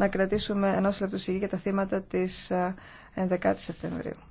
να κρατήσουμε ενός λεπτού σιγή για τα θύματα της 11 ε, η Σεπτεμβρίου.